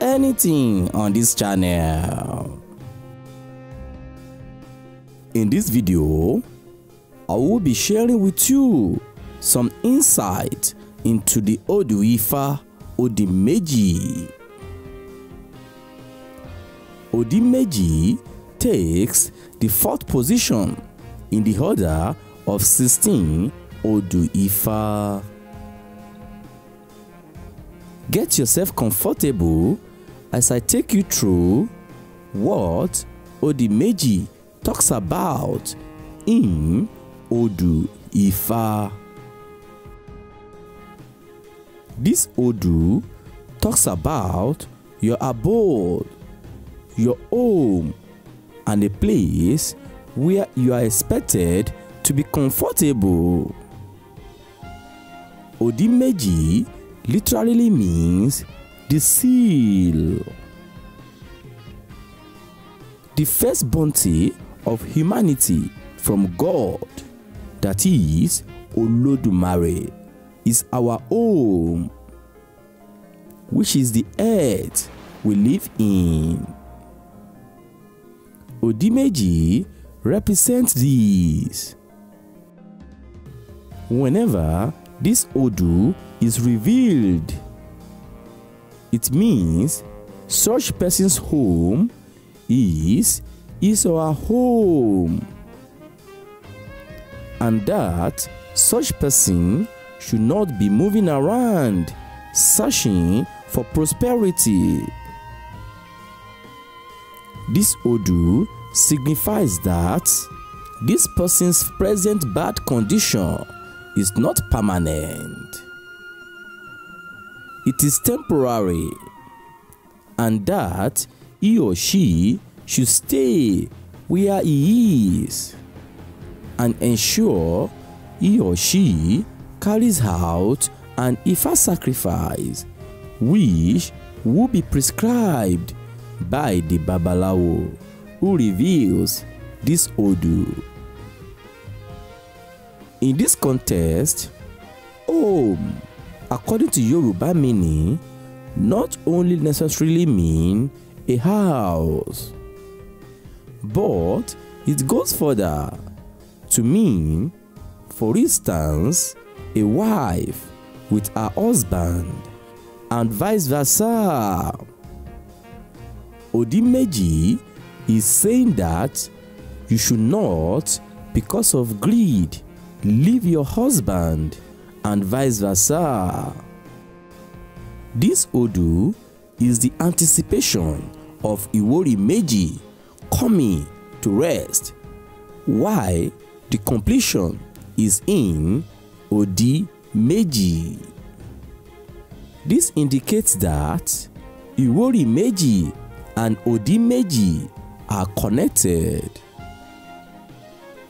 anything on this channel. In this video, I will be sharing with you some insight into the Oduifa Odimeji. Odimeji takes the fourth position in the order of 16 Oduifa. Get yourself comfortable as I take you through what Odi Meji talks about in Odu Ifa. This Odu talks about your abode, your home, and a place where you are expected to be comfortable. Odi Meji literally means the seal. The first bounty of humanity from God, that is, Olodumare, is our home, which is the earth we live in. Odimeji represents this. Whenever this Odu is revealed It means such person's home is is our home and that such person should not be moving around searching for prosperity. This Odu signifies that this person's present bad condition is not permanent. It is temporary and that he or she should stay where he is and ensure he or she carries out an Ifa sacrifice which will be prescribed by the Babalawo who reveals this Odu. In this context, oh according to Yoruba meaning, not only necessarily mean a house, but it goes further to mean, for instance, a wife with her husband and vice versa. Odimeji is saying that you should not, because of greed, leave your husband and vice versa. This Odu is the anticipation of Iwori Meiji coming to rest why the completion is in Odi Meji. This indicates that Iwori Meji and Odi Meji are connected.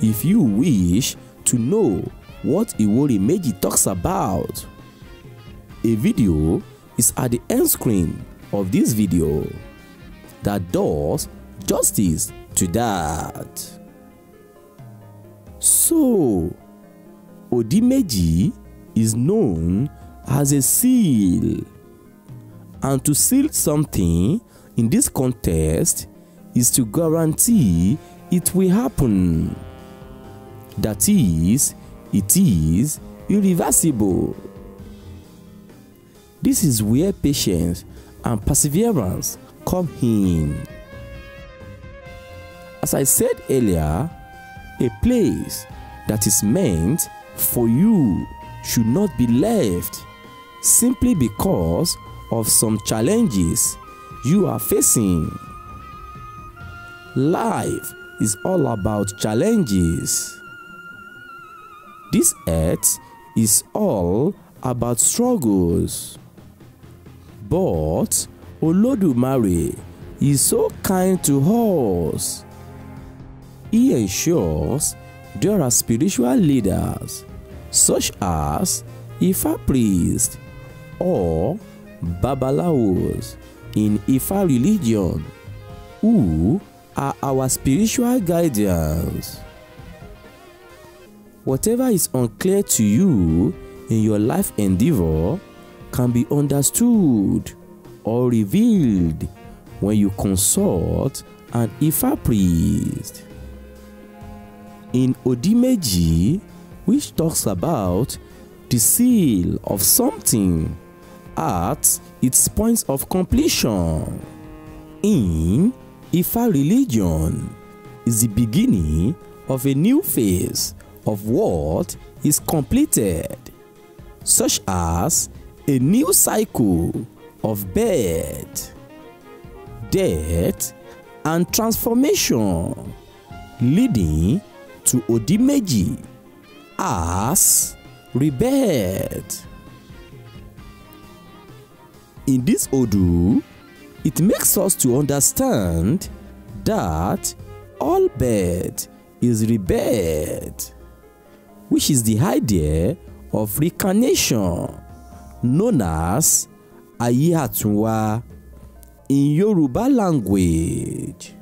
If you wish to know what Iwori Meji talks about. A video is at the end screen of this video that does justice to that. So, Odimeji is known as a seal. And to seal something in this contest is to guarantee it will happen. That is, It is irreversible. This is where patience and perseverance come in. As I said earlier, a place that is meant for you should not be left simply because of some challenges you are facing. Life is all about challenges. This earth is all about struggles. But Olodumare is so kind to us. He ensures there are spiritual leaders such as Ifa priests or Babalawos in Ifa religion who are our spiritual guardians. Whatever is unclear to you in your life endeavor can be understood or revealed when you consult an Ifa priest. In Odimeji, which talks about the seal of something at its point of completion. In Ifa religion is the beginning of a new phase of what is completed, such as a new cycle of birth, death, and transformation, leading to Odimeji as rebirth. In this Odu, it makes us to understand that all birth is rebirth which is the idea of reincarnation known as Ayé Àtúnwá in Yoruba language.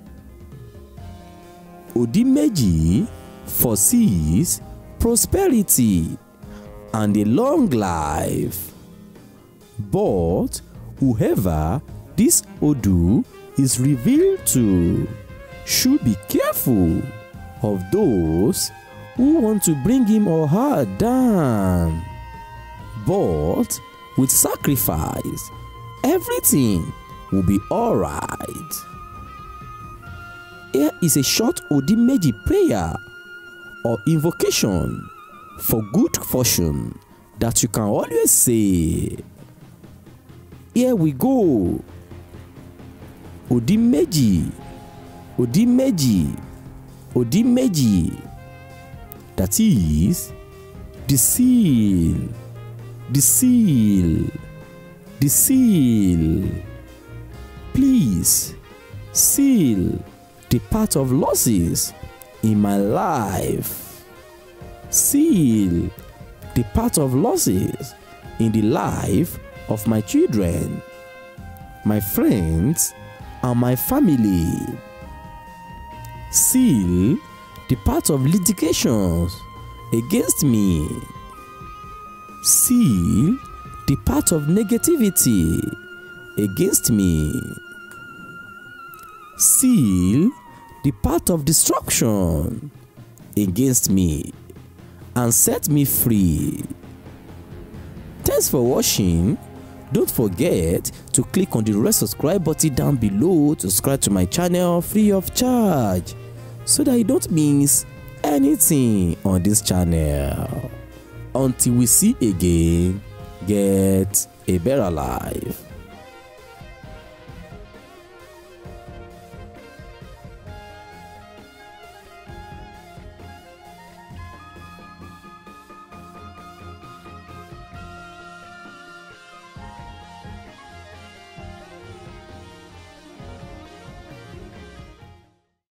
Odimeji foresees prosperity and a long life. But whoever this Odu is revealed to should be careful of those who want to bring him or her down. But with sacrifice, everything will be alright. Here is a short Odimeji prayer or invocation for good fortune that you can always say. Here we go. Odimeji, Odimeji, Odimeji. that is the seal, the seal, the seal. Please seal the part of losses in my life. Seal the part of losses in the life of my children, my friends, and my family. Seal the part of litigations against me. Seal the part of negativity against me. Seal the part of destruction against me and set me free. Thanks for watching. Don't forget to click on the red subscribe button down below to subscribe to my channel free of charge so that you don't miss anything on this channel. Until we see again, get a better life.